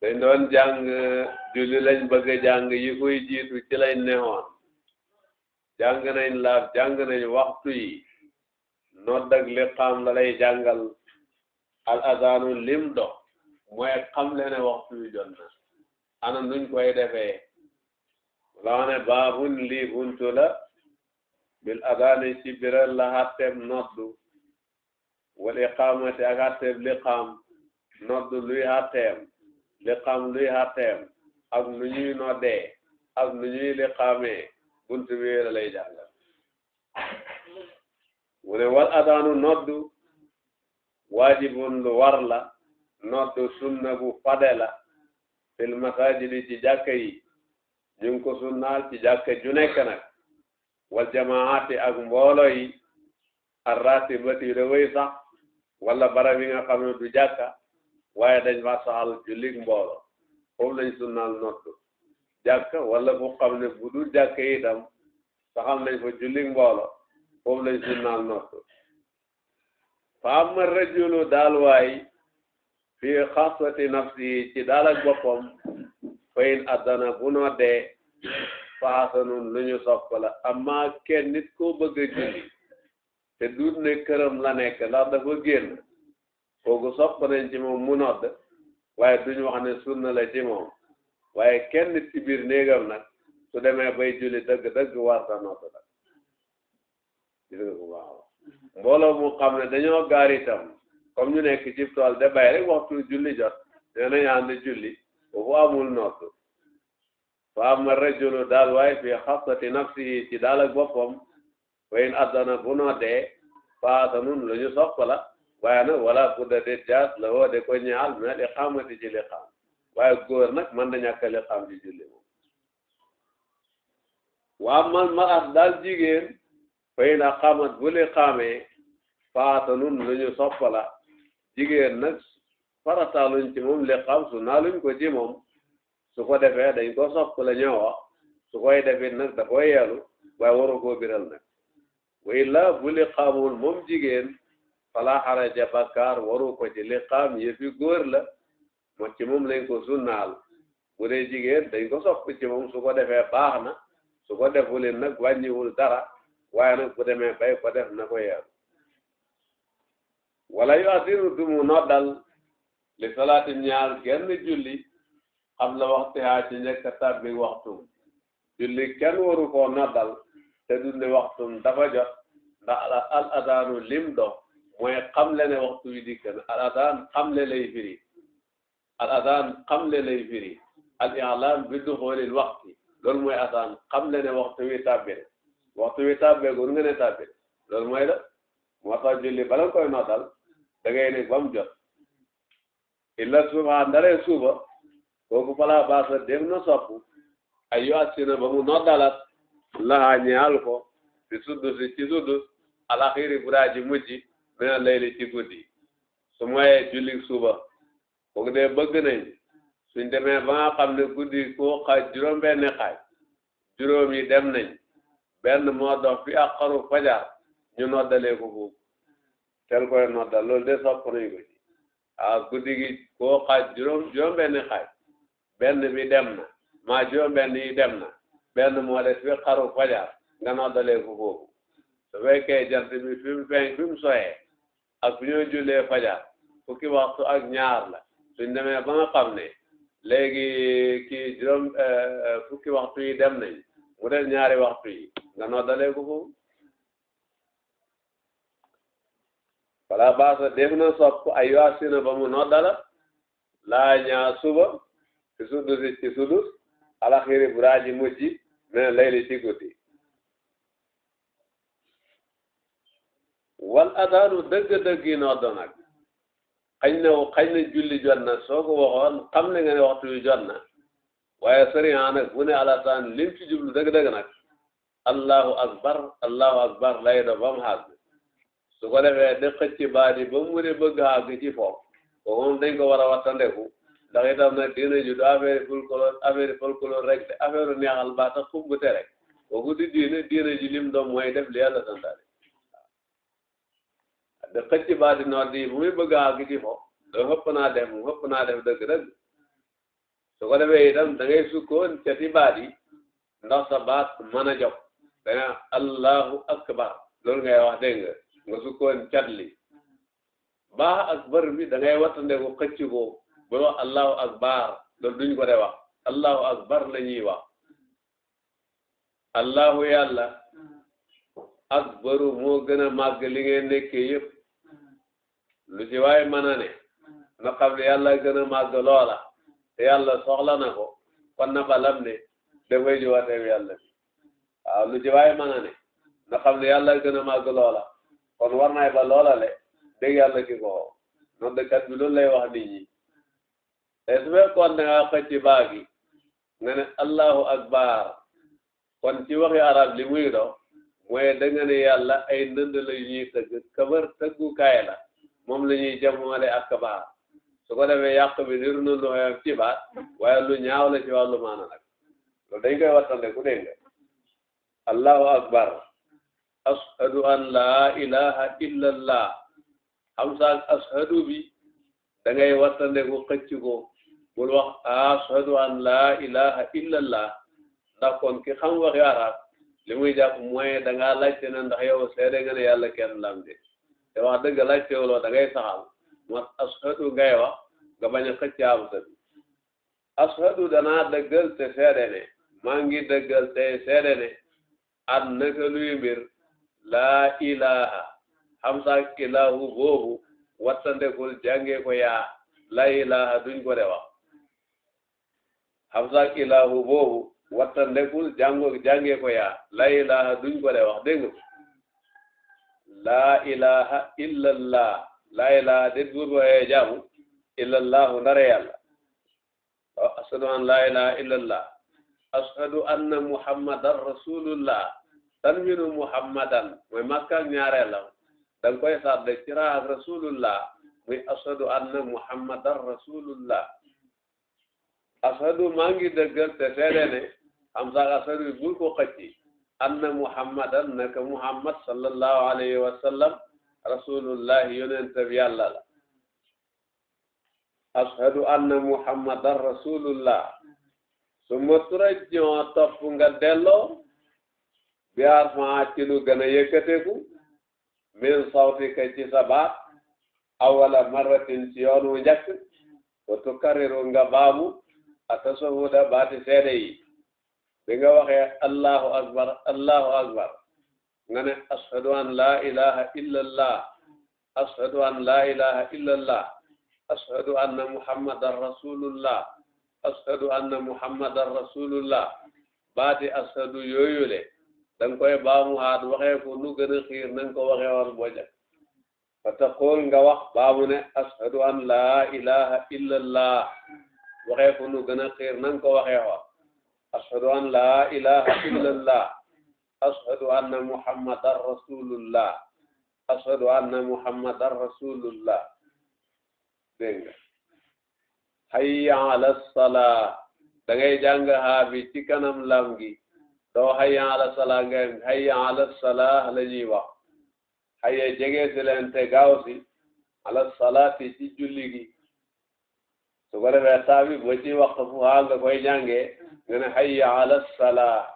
dañ doon jàng julli lañ bëgg jàng yi koy jiitu ci lañ neexoon jàng nañ laaf jàng nañ waxtu yi nodd ak liqaam la lay jàngal al adaanu lim do mooy xam le waxtu yi jot na ana nuñ koy defee la wax ne baabun lii buntu la bil adaani ci biral la xatteeb noddu wal iqaamati ak xatteeb liqaam noddu luy xatteem li xam luy xàtteem ak nu ñuy noddee ak nu ñuy li xaamee lay jàngal mu ne wal adaanu noddu waajibun lu war la noddu sunna bu fade la fil masajidi ci jàkka yi ñu ko sunnaal ci jàkka ju nekk nag wal jamaati ak mboolo yi arratibati da way sax wala barab yi nga du jàkka waaye dañ ma saxal jullig mbooloo foofu lañ sunnaal noddu jàkka wala bu xam ne bu dul jàkka itam saxal nañ fa jullig mbooloo foofu lañ sunnaal noddu fa amma rajulu daal waay fi xasati nafsi ci daal ak boppam fayin addana bu noddee fa hasanun lu ñu sopp la amma kenn nit koo bëgg julli te duut ne këram la nekk ndax dafa génn kooku sopp nañ ci moom mu nodd waaye duñu wax ne sunna la ci moom waaye kenn na biir néegam nag su demee bay julli dëgg-dëgg warta nodd nag gis nga ko baax mbooloo mu xam ne dañoo gaar itam ñu nekk ci tool de bay rek waxtu julli jot nee nañ ànd julli boobu amul nodd fa ama daal waaye fi xasati nafsihi ci daal ak boppam wayin addana bu noddee fa asanun lu ñu sopp la waaye nag wala bu da jaas la woo de ko ñaal mais li xaamati ci waaye góor nag man da ñàkk li xaam ci julli moom waa man ma daal jigéen fay na xaamat bu li xaamee faata ñu soppala jigéen nag farataaluñ moom li xaam ko ci moom su ko defee dañ ko soppala ñoo wax su koy defit nag da koy waaye waru koo biral nag way la bu li xaamul moom jigéen fala haraja bakkaar waru ko ci liqaam yëfi góor la mo ci moom lañ ko sunnaal bu dee jigéen dañ ko sopp ci moom su ko defee baax na su ko defuleen nag wàññiwul dara waaye nag bu demee bay ko def na ko yeer wala yu asiru dumu noddal li salaati ñaar genn julli xam la waxtu haa ci njëkk a tàbbi waxtum julli kenn waru koo noddal te dundi waxtum dafa jot ndax al adaanu lim dox mooy xamle ne waxtu wi dikk al adaan xamle lay firi al adaan xamle lay firi al i'laam bi duxoolil waxti loolu mooy adaan xamle ne waxtu wi tàbbi waxtu wi tàbbee gun nga ne tàbbi na mooy la moo tax julli bala nga koy noddal da ngay ne ba mu jot illa suba ndaree suba kooku balaa baasa dem na sopp ayu asina ba mu noddalat lahaa ñaal ko si suddus si ci suddus alaxiri bu daa ji mina layli ci guddi su moyee jullik suba kooku de bëgg nañ suñ demee ba nga xam ne guddi koo xaaj juróom benni xaaj juróom yi dem nañ benn moo dox fi ak xaru fajar ñu noddalee ko foofu tel koy noddal loolu de sopp nañ ko ci ah guddi juróom benni xaaj benn bi dem na maa juróom benn yi dem na benn moo des fi xaru fajar nga noddalee ko foofu su fekkee jant bi fi mu fenk fi mu soyee ak bu ñoo jullee fajar fukki waxtu ak ñaar la suñ demee ba nga xam ne léegi kii juróom eh, eh, fukki waxtu yi dem nañ mu des ñaari waxtu yi nga noddalee ko foofu wala baasa def na sopp ay waasina ba mu noddala laa ñaa suba ci sudus ci sudus alaxiri bu raaji mujji mais layli ci guddi wal adaanu dëgg-dëgg yi noddu nag xañ na xañ na julli jot na soo ko waxoon xam ne nga waxtu wi jot na waaye sëriñ nag bu ne alasaan lim ci jublu dëgg-dëgg nag allahu akbar allahu akbar lay do ba mu xaag su ko defee di xëcc baat yi ba mu ne bëgg xaag ci foofu kooku moom dañ ko war a wattandeku ndax itam nag diine ju du affaire folklore affaire folklore rek de affaire neexal baat ak xumb te rek kooku di diine diine ji lim doom mooy def li yàlla santaane de xëcc baati noor di bu muy bëgg a àgg da xëpp naa def mu xëpp naa def dëgg-dëgg su ko defee itam da ngay sukkoon ca ci baat yi ndax sa baat mën a jóg da nga allahu akbar loolu ngay wax dégg nga sukkoon cat li baax bi da ngay wattandeku xëcc ko bu wax allahu akbar loolu duñ ko wax allahu akbar la wax allahu yàlla mm-hmm. akbaru moo gën a màgg li ngeen nekkee yëpp lu ci waaye mën a ne na ne yàlla gën a màgg loola te yàlla soxla na ko kon na balam ne dafay jiwateeg yàlla bi waaw lu ci waaye mën ne na ne yàlla gën a màgg loola kon war ba loola le dégg yàlla ki ko noonu de kat bi loolu wax nit ñi te su fekkoon da ngaa xëcc nga ne allahu akbar kon ci waxi arab li muy do mooy da nga ne yàlla ay ndënd la ñuy tëgg kabar tëggukaay la moom lañuy ñuy jamoole ak kabaar su ko defee yàq bi niru a lu xoyam ci baat waaye lu ñaaw la ci wàllu maana nag loolu dañ koy wattande ku dégg nga allahu akbar ashadu an laa ilaha illa allah saak ashadu bi da wattande ku xëcc ko bul wax ashadu an laa ilaha illa allah ki xam waxi arab li muy jàpp mooy da ngaa laajte ne ndax yow seede nga ne yàlla kenn lam te wax dëgg laajte wuloo da ngay saxal ngay wax nga bañ a xëcc hamza danaa dëggal te seede ne maa ngi dëggal te seede ne an naka luy mbir laa ilaha hamza ak boobu wattandekul jàngee ko ko wax hamza ak ilahu boobu wattandekul jàngoo yaa laa ilaha duñ ko de wax dégg laa ilaha illallah laa ilaha de buur waaye jaamu illallahu ndare oh, ashadu an laa ilaha illallah ashadu anna muhammadan rasulullah tanwinu muhammadan mooy maskal ñaareel la koy sarde ci raag rasulullah muy ashadu anna muhammadan rasulullah ashadu maa ngi dëggal te seede ne ashadu bul ko xëcci anna muhammadan naka muhammad sallallahu alayhi wa sallam rasulullahi yonent bi yàlla la ashhadu anna muhammadan rasulullah suma nga delloo bi arfan ci lu gën a yëkkateku min sawtika ci sa baat awala marratin ci yoon wu njëkk wa tukariru nga baamu atasahuda baati seede bi nga waxee allahu akbar allahu akbar nga ne ashadu an laa ilaha illa ashadu an muhammadan rasulullah ashadu anna muhammadan rasulullah baati ashadu yooyule danga koy baamuwaat waxee ko nu gën a xiir nanga ko waxee woon boja fa taqool nga wax baamu ne ashadu an laa ilaha illa allah waxee nu gën a xiir nanga ko waxee woon ashhadu an laa ilaha illallah ashhadu anna muhammadan rasulullah ashhadu anna muhammadan rasulullah dégg hayya ala salaa da ngay jàng ci kanam lam gi doo hayya ala salaa nga hayya ala salaa la ñuy wax hayya jege si leen te gaaw si ala ci julli gi su ko defee taa bi boo ci waxtu fu haa nga koy jàngee nga ne hayya ala salaa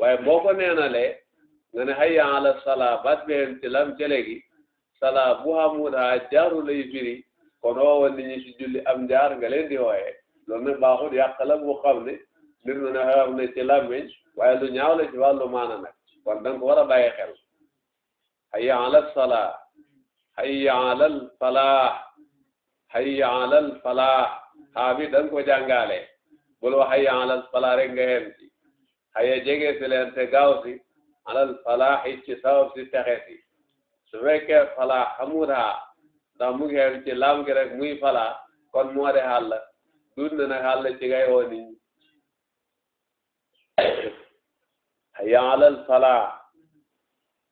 waaye boo ko neenalee nga ne hayya ala salaa baat bi ci lam cële gi salaa bu xamul ha jaaru lay firi kon woowa nit ñi ci julli am jaar nga leen di wooye loolu nag baaxul la bu xam ne ne xam ne ci làmmiñ lu ñaaw la ci wàllu maana nag kon da ko war a bàyyi xel hayya ala salaa hayya ala falaah hayya ala falaah haa bi da nga ko jàngalee bul wax hayya alal falaax rek nga xem ci hayya jege si leen te ci sabab si texe si su fekkee falaax haa ndax mu ngi xem rek muy falaax kon moo de xàll nag xàll ci ngay woo nit ñi hayya alal falaax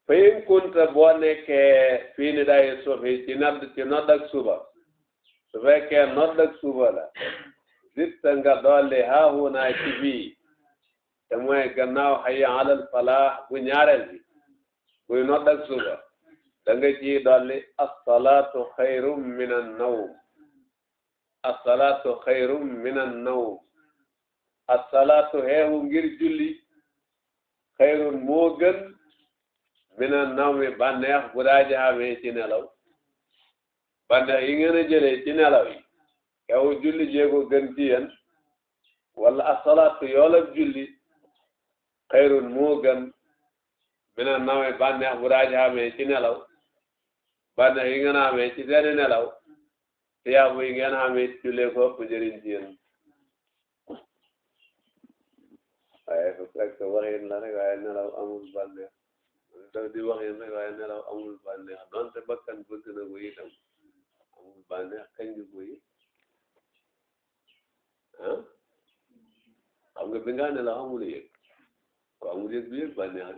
fa in kunta fii ci nodd suba su fekkee nodd suba la zitta nga dolli haahunaa ci bii te mooy gannaaw hayya alal falaax bu ñaareel bi buy nodd ak suba da nga ciy dolli assalaatu xayrum min annawm assalaatu xayrum min annawm assalaatu xeexu ngir julli xayrun moo gën min annawmi bànneex bu daa jaxamee ci nelaw bànneex yi ngeen a ci nelaw xew julli jéego gën ci yéen wala asalaatu yoolab julli xayrun moo gën mina nawe bànneex bu daaj amee ci nelaw bànneex yi ngeen amee ci seeni nelaw tiyaabu yi ngeen amee ci jullee ko ëpp njëriñ ci yéen waaye su fekk waxin la rek waaye nelaw amul bànneex taw di waxin rek waaye nelaw amul bànneex donte bakkan bëgg na ko amul bànneex kañ ko ah xam nga bi nga ne la xamul yëg ko amul yëg du yëg bànneex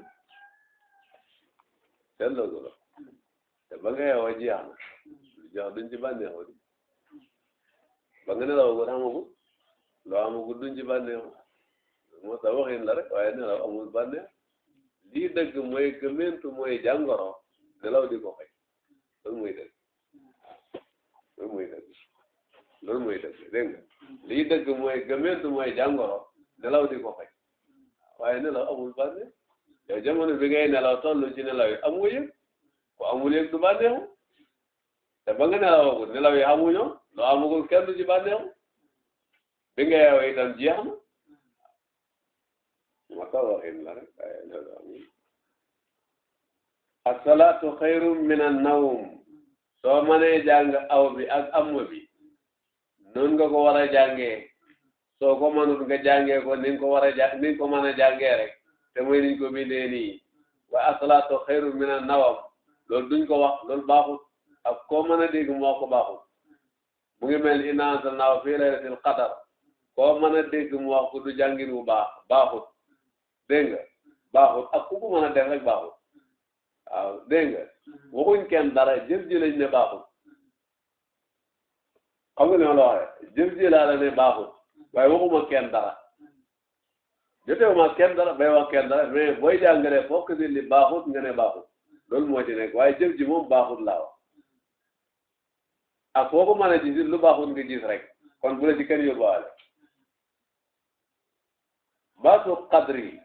seetloo ko la te ba nga yeewoo jeex na lu jeex duñ ci bànneexoo di ba nga ne la woo xamagul loo xamagul duñ rek waaye nelaw amul bànneex lii dëgg mooy gëmeentu mooy jàngoro nelaw di ko xëy loolu mooy dëgg loolu mooy dëgg loolu mooy dëgg dégg lii dëgg mooy gëmeentu mooy jàngoro nelaw di ko faj waaye nelaw amul bànneex yow jamono bi ngay nelaw toll ci nelaw yi amul yëg ku amul yëg du bànneexu te ba nga nelawagul nelaw yi amuñoo loo amagul kenn du ci bànneexu bi nga yeewee itam jeex na ma ko waxin la rek waaye nelaw amul asalaatu xayrun min annawm soo mënee jàng aw bi ak amma bi noonu nga ko war a jàngee soo ko mënut nga jàngee ko ni ko war a ja ni nga ko mën a jàngee rek te muy niñ ko bindee nii wa asalaatu xayru min a nawam loolu duñ ko wax loolu baaxut ak mën a dégg moo ko baaxut mu ngi mel inna anzalnaahu fii laylatil qadar koo mën a dégg mu wax ko du jàngin bu baax baaxut dégg nga baaxut ak ku ko mën a def rek baaxut waaw dégg nga mm-hmm. kenn dara jëf ji ne baaxut xam nga ni ma la waxee jëf ji laa ne baaxut waaye waxuma kenn dara jotewuma kenn dara bay wax kenn dara mais booy jàngale fokk ni li baaxut nga baaxut loolu moo ci nekk waaye jëf ji moom baaxut laa wax ak foo ko mën lu baaxut nga gis rek kon bu la ci kenn yóbbaale baatu qadri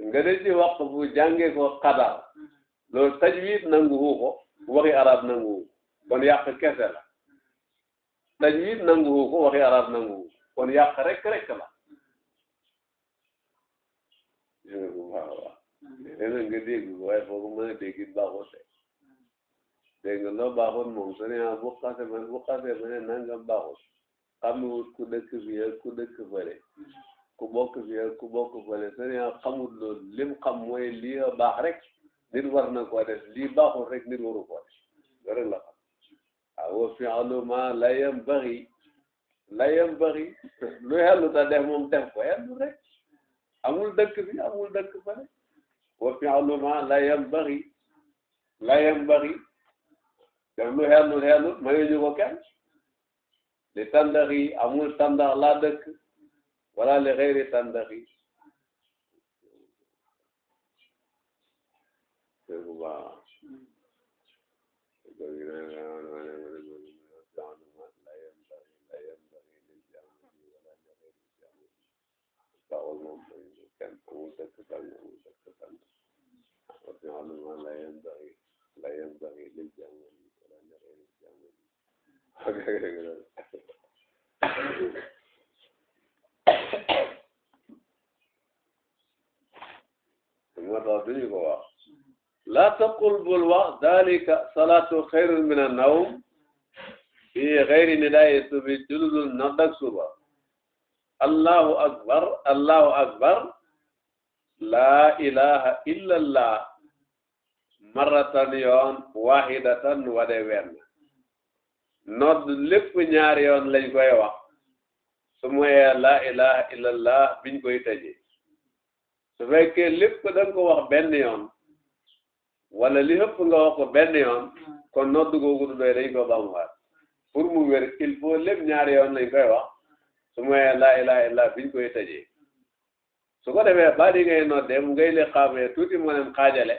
nga de ci wax bu jàngee ko qadar loolu tajwid nanguwu ko waxi arab nanguwu kon yàq kese tajwid nanguwu ko waxi arab nanguwu kon yàq rek rek la jërëjëf bu baax a baax léeg-léeg nga dégg waaye foofu mën a dégg baaxul tey dégg nga loo baaxul moom su ne ah bu xasee ba bu xasee ba ne nangam baaxul xamul ku dëkk fii ak ku dëkk fële ku bokk fii ak ku bokk fële su ne ah xamul loolu lim xam mooy lii baax rek nit war na koo def lii baaxul rek nit waru koo def loolu aw fi'lu ma la yanbaghi la yanbaghi lu xelu ta def moom def ko xelu rek amul dëkk bi amul dëkk ba rek wa fi'lu ma la yanbaghi la yanbaghi def lu xelul xelul mayuñu ko kenn li tandax yi amul tandax laa dëkk wala li xëyri tandax yi kenn fu mu dëkk bañ a mu dëkk bañ parce que aluma la yem doxi la yem doxi li jàngal wala ñaare li jàngal moo tax duñu ko wax laa taqul bul wax dalika salaatu xayrun min annawm fi xayri nidaayi subi julul noddak suba allahu akbar allahu akbar laa ilaha illallah maratan yoon wahidatan wade wenn nodd lépp ñaar yoon lañ koy wax su moyee laa ilaha illallah biñ koy tëjee su fekkee lépp da nga ko wax benn yoon wala li ëpp nga wax ko benn yoon kon nodd googu du doy dañ ko baamuwaat pour mu wér il faut lépp ñaar yoon lañ koy wax suma moyee laa ilaha illallah biñ koy tëjee su ko defee badi ngay noddee mu ngay le xaamee tuuti moo leen xaajale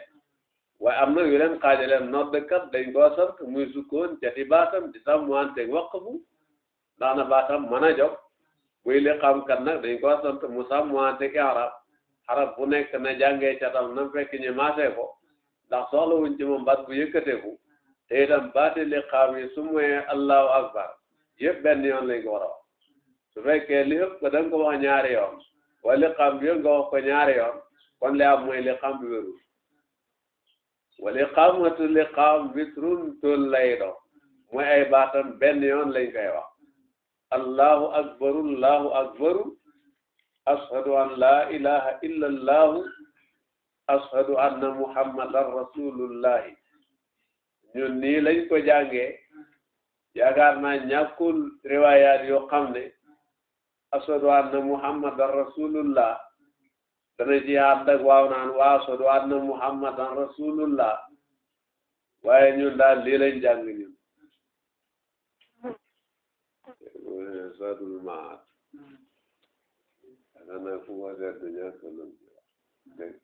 waaye am na yu leen xaajale noddkat dañ koo sant muy sukkoon jati baatam di sàmmanteeg waqfu ndax na baatam mën a jóg buy le xaamkat nag dañ koo sant mu sàmmanteeg arab arab bu nekk na jàngee catam na fekk ñu maasee ko ndax soxla wuñ ci moom baat bu yëkkateeku te itam baati le xaam yi su moyee allahu akbar yëpp benn yoon lañ ko a wax su fekkee li yëpp da ko wax ñaari yoon wala liqaam bi yëpp nga wax ko ñaari yoon kon li am mooy liqaam bi wérul wala liqaamatu liqaam bitrun tool lay doon mooy ay baatam benn yoon lañ koy wax allahu akbaru allahu akbaru ashhadu an la ilaha illa allahu ashhadu anna muhammadan rasulullahi ñun nii lañ ko jàngee yaakaar na ñàkkul riwaayaat yoo xam ne ashadu anna muhammadan rasulullah dana ci ànd ak waaw naan waa ashadu anna muhammadan rasulullah waaye ñun daal lii lañ jàng ñun sadul maat ana na fu waxee du ñàkk lu dégg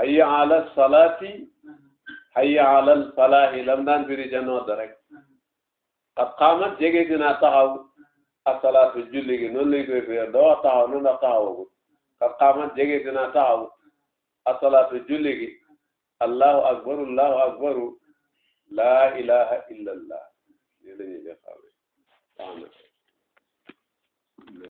hayya ala salaati hayya ala falaahi lam daan firi ca nodd rek qad qaamat jege dina taxaw asalaatu julli gi noonu lañ koy fiyee doo taxaw noonu la taxawagul ka xaamat jege dina taxaw asalaatu julli gi allahu akbaru allahu akbaru laa ilaha illallah lii la ñuy def